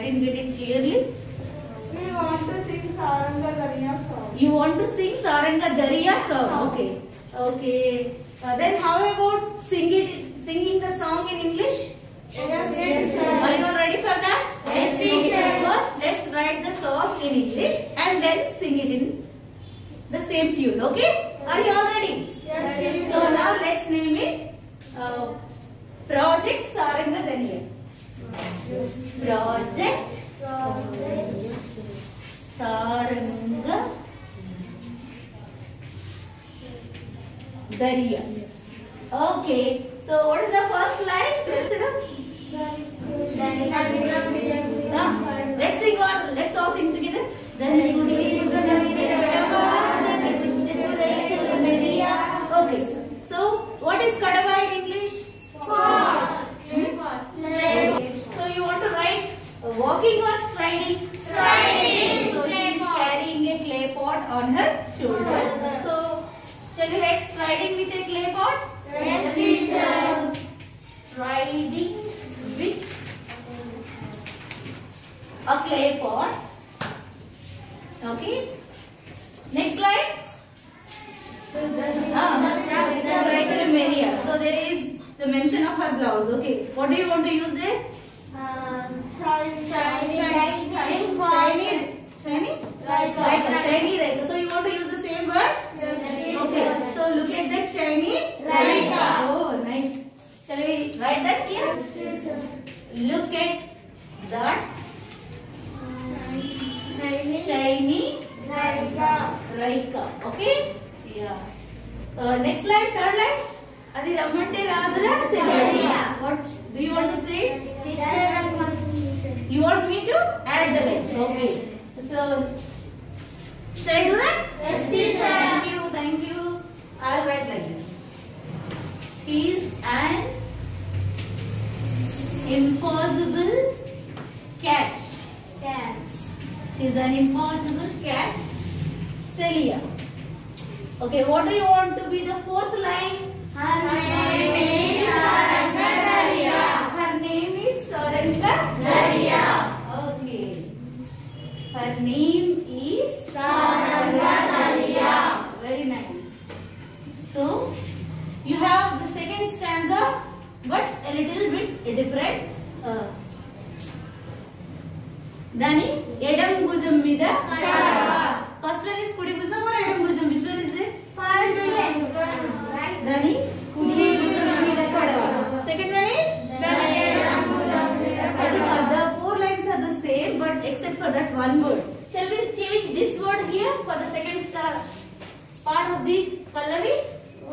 I didn't get it clearly. We want to sing Saranga Darya song. You want to sing Saranga Darya song? Okay. Okay. Uh, then how about sing it, singing the song in English? Yes, yes, sir. Are you all ready for that? Yes, teacher. First, let's write the song in English and then sing it in the same tune. Okay? Are you all ready? Yes, yes. So now let's name it uh, Project Saranga Daniel project saranga darya okay so what is the first line let's sing on let's all sing together striding with a clay pot? Yes, teacher. Striding with a clay pot. Okay. Next slide. Ah, Curriculum area. So there is the mention of her blouse. Okay. What do you want to use there? Um, shiny, shiny, shiny, shiny, shiny, shiny, shiny, shiny, shiny, shiny, shiny, shiny, shiny, shiny, shiny, shiny, shiny, shiny, look at that shiny right oh nice shall we write that here yes, sir. look at that Shiny Raika. Raika. Okay? Yeah. Uh, next slide, third line. Adi Ramante Radhala. What do you want to say? You want me to? Add the lights. Okay. So, shall I do that? Yes, teacher. Thank you. Thank you. I will write like this. She is an impossible catch. Catch. She is an impossible catch. Celia. Okay, what do you want to be the fourth line? Her, name, name is Saranga Daria. Her name is Saranga Daria. Okay. Her name Shall we change this word here for the second star part of the Pallavi?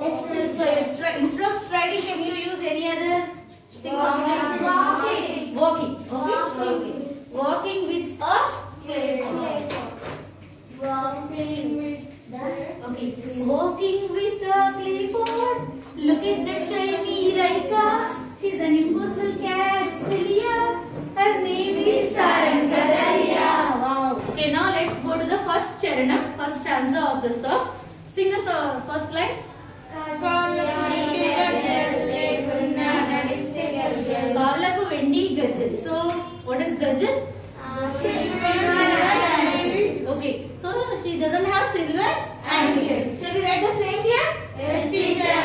Yes, So instead of striding, can you use any other thing? Walking. Walking. Walking. Okay. Walking. Walking with a clay Walking with the okay. Walking with a clipboard. Look at that shiny Raika. She's an impossible cat. stanza of the song. Sing the song, first line. So, what is గజ్జల్ So, what she doesn't have silver and silver and so we write the same here yes teacher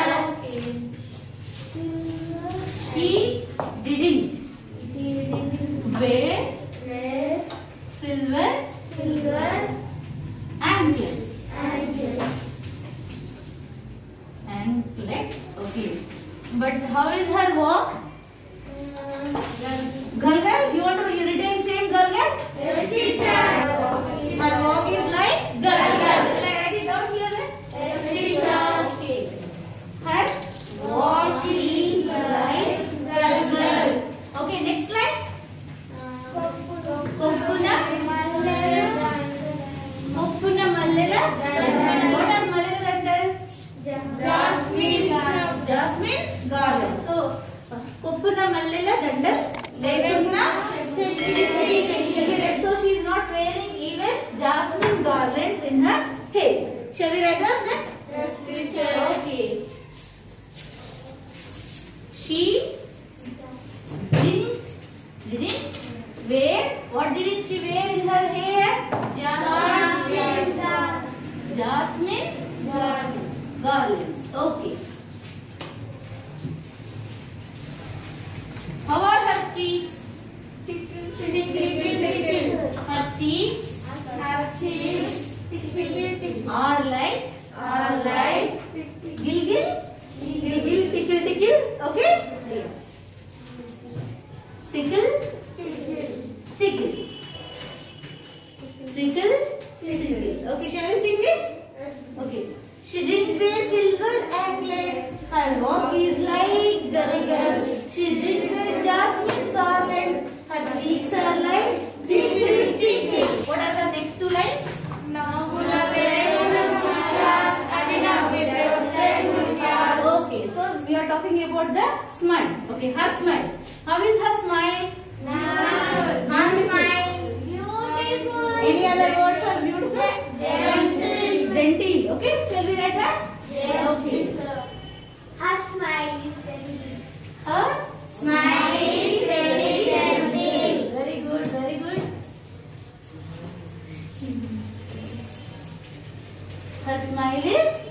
Her is like Gargal. She dripped with jasmine garland. Her cheeks are like tick tick tick. What are the next two lines? Okay, so we are talking about the smile. Okay, her smile. How is her smile? Nice. Her smile. Beautiful. Any other words for beautiful? Gentle. Gentle. Okay, shall we write that? Gentle. Okay. smile is very big. Her smile is very very big. Very good, very good. Her smile is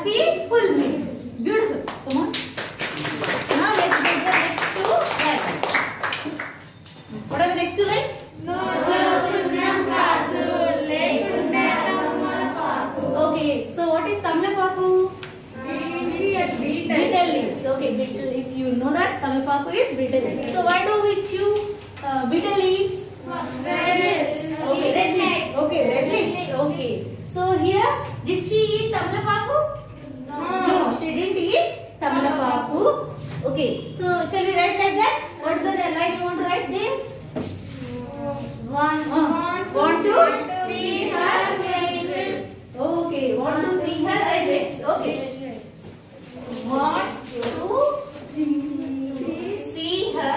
happy full. Beautiful. Come on. Now let's take the next two lines. What are the next two lines? Okay, so what is Tamilpaku? Beetle leaves. Okay, beetle leaves. You know that Tamilpaku is beetle leaves. So why do we choose uh, beetle leaves? Red leaves. Okay, red leaves. Okay, red leaves. Okay. So here, did she eat Okay, so shall we write like that? What's the line you want to write there? One. uh, want, want to, want to see her at Okay, want to see her at Wales. Okay. Want to see her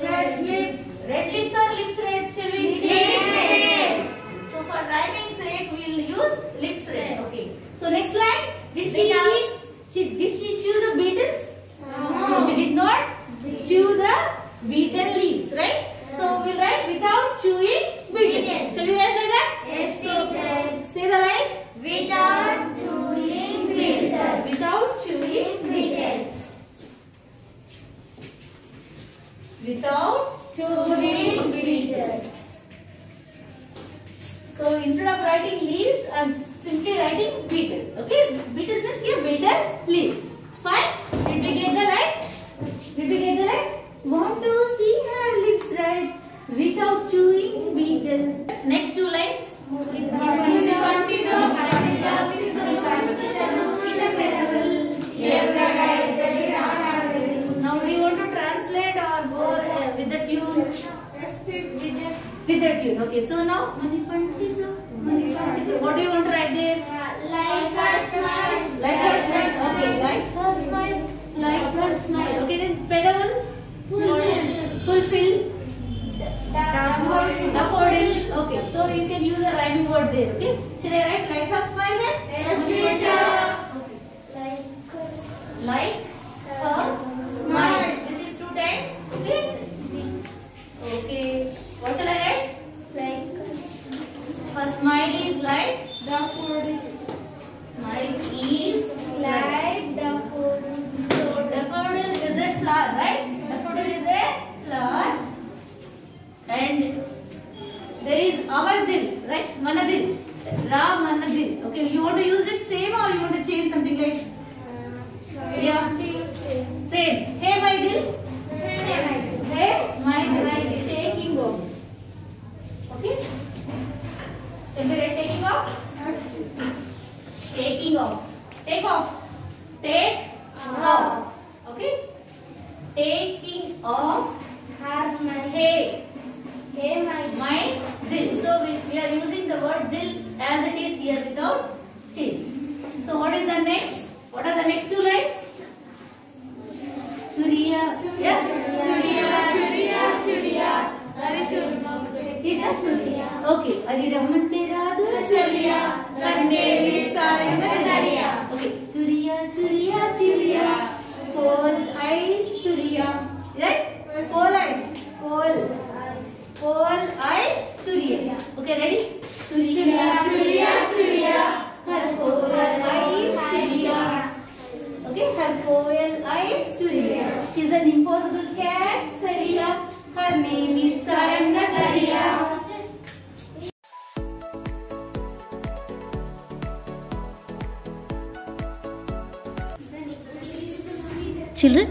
red lips. Red lips or lips red? Shall we? Lips So for writing sake, we'll use lips red. Okay. So next line. Did she eat? without choosing beetle. So instead of writing leaves, I am simply writing beetle. Okay, beetle means here beetle leaves. Fine. Okay, so now Manipandi. Manipandi. What do you want to write there? Like her smile. Like her smile. Okay, like her smile. Like her smile. Okay, then pedal. Fulfill. Fulfill. Daffodil. Daffodil. Okay, so you can use a rhyming word there. Okay, should I write like her smile? Yes, teacher. Like. Like. our dil, right? Mana dil. Ra mana dil. Okay, you want to use it same or you want to change something like? Uh, yeah. Same. same. Hey my dil. Hey my dil. Hey my dil. taking off. Okay. Temperate taking off. Taking off. Take off. Take off. Okay. Taking off. Have my. Hey. without change. So what is the next? What are the next two lines? Churiya. Yes? Churiya, churiya, churiya. Okay. Ari Raman Tera Churiya, Pandeli Sara. Children,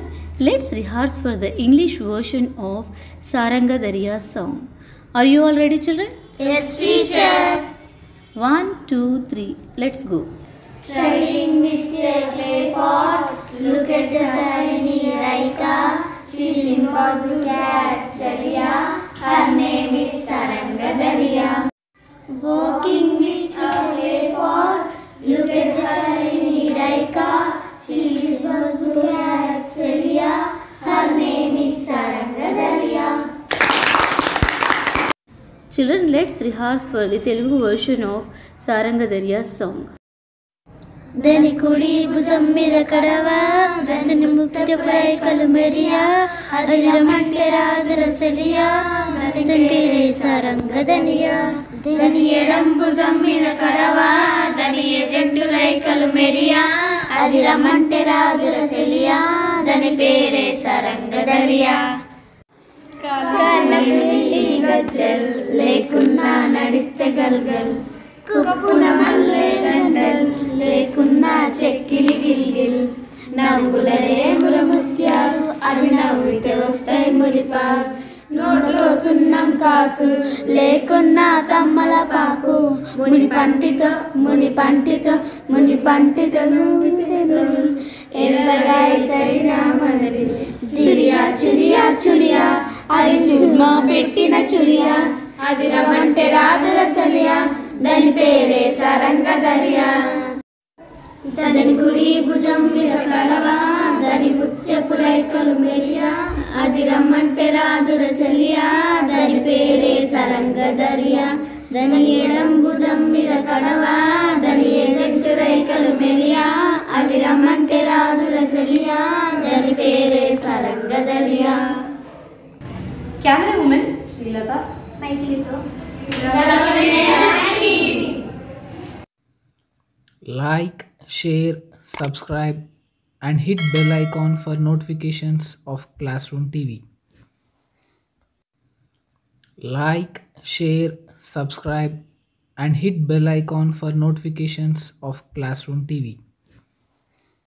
let's rehearse for the English version of Sarangadariya song. Are you all ready children? Yes teacher. One, two, three. Let's go. Studying with a clay pot, look at the shiny Raika. She's in the cat Sharia. Her name is Saranga. Children, let's rehearse for the Telugu version of Sarangadarya's song. Dani kudi busammi da dani mukta prai kalumeriya, adira mande dani pere saranga dani edam busammi da dani e jendu prai kalumeriya, adira dani pere saranga గజ్జల్ లేకున్నా నడిస్తే గల్గల్ కుక్కున మల్లే దండల్ లేకున్నా చెక్కిలి గిల్గిల్ నవ్వులనే మురముత్యాలు అవి నవ్వితే వస్తాయి మురిపా నోట్లో సున్నం కాసు లేకున్నా తమ్మల పాకు ముని పంటితో ముని పంటితో ముని పంటితో ఎర్రగా అయితైనా మనసి చురియా చురియా చురియా అది సుర్మ పెట్టిన చురియా అది రమంటే రాదుల సలియా దాని పేరే సరంగ దరియా దాని గుడి భుజం మీద కడవా దాని ముత్య రైకలు మెరియా అది రమ్మంటే రాదుల సలియా దాని పేరే సరంగ దరియా దాని ఎడం భుజం మీద కడవా దాని ఏజెంట్ రైకలు మెరియా అది రమ్మంటే రాదుల సలియా దాని పేరే Saranga Dariya camera woman Srilatha like share subscribe and hit bell icon for notifications of classroom TV like share subscribe and hit bell icon for notifications of classroom TV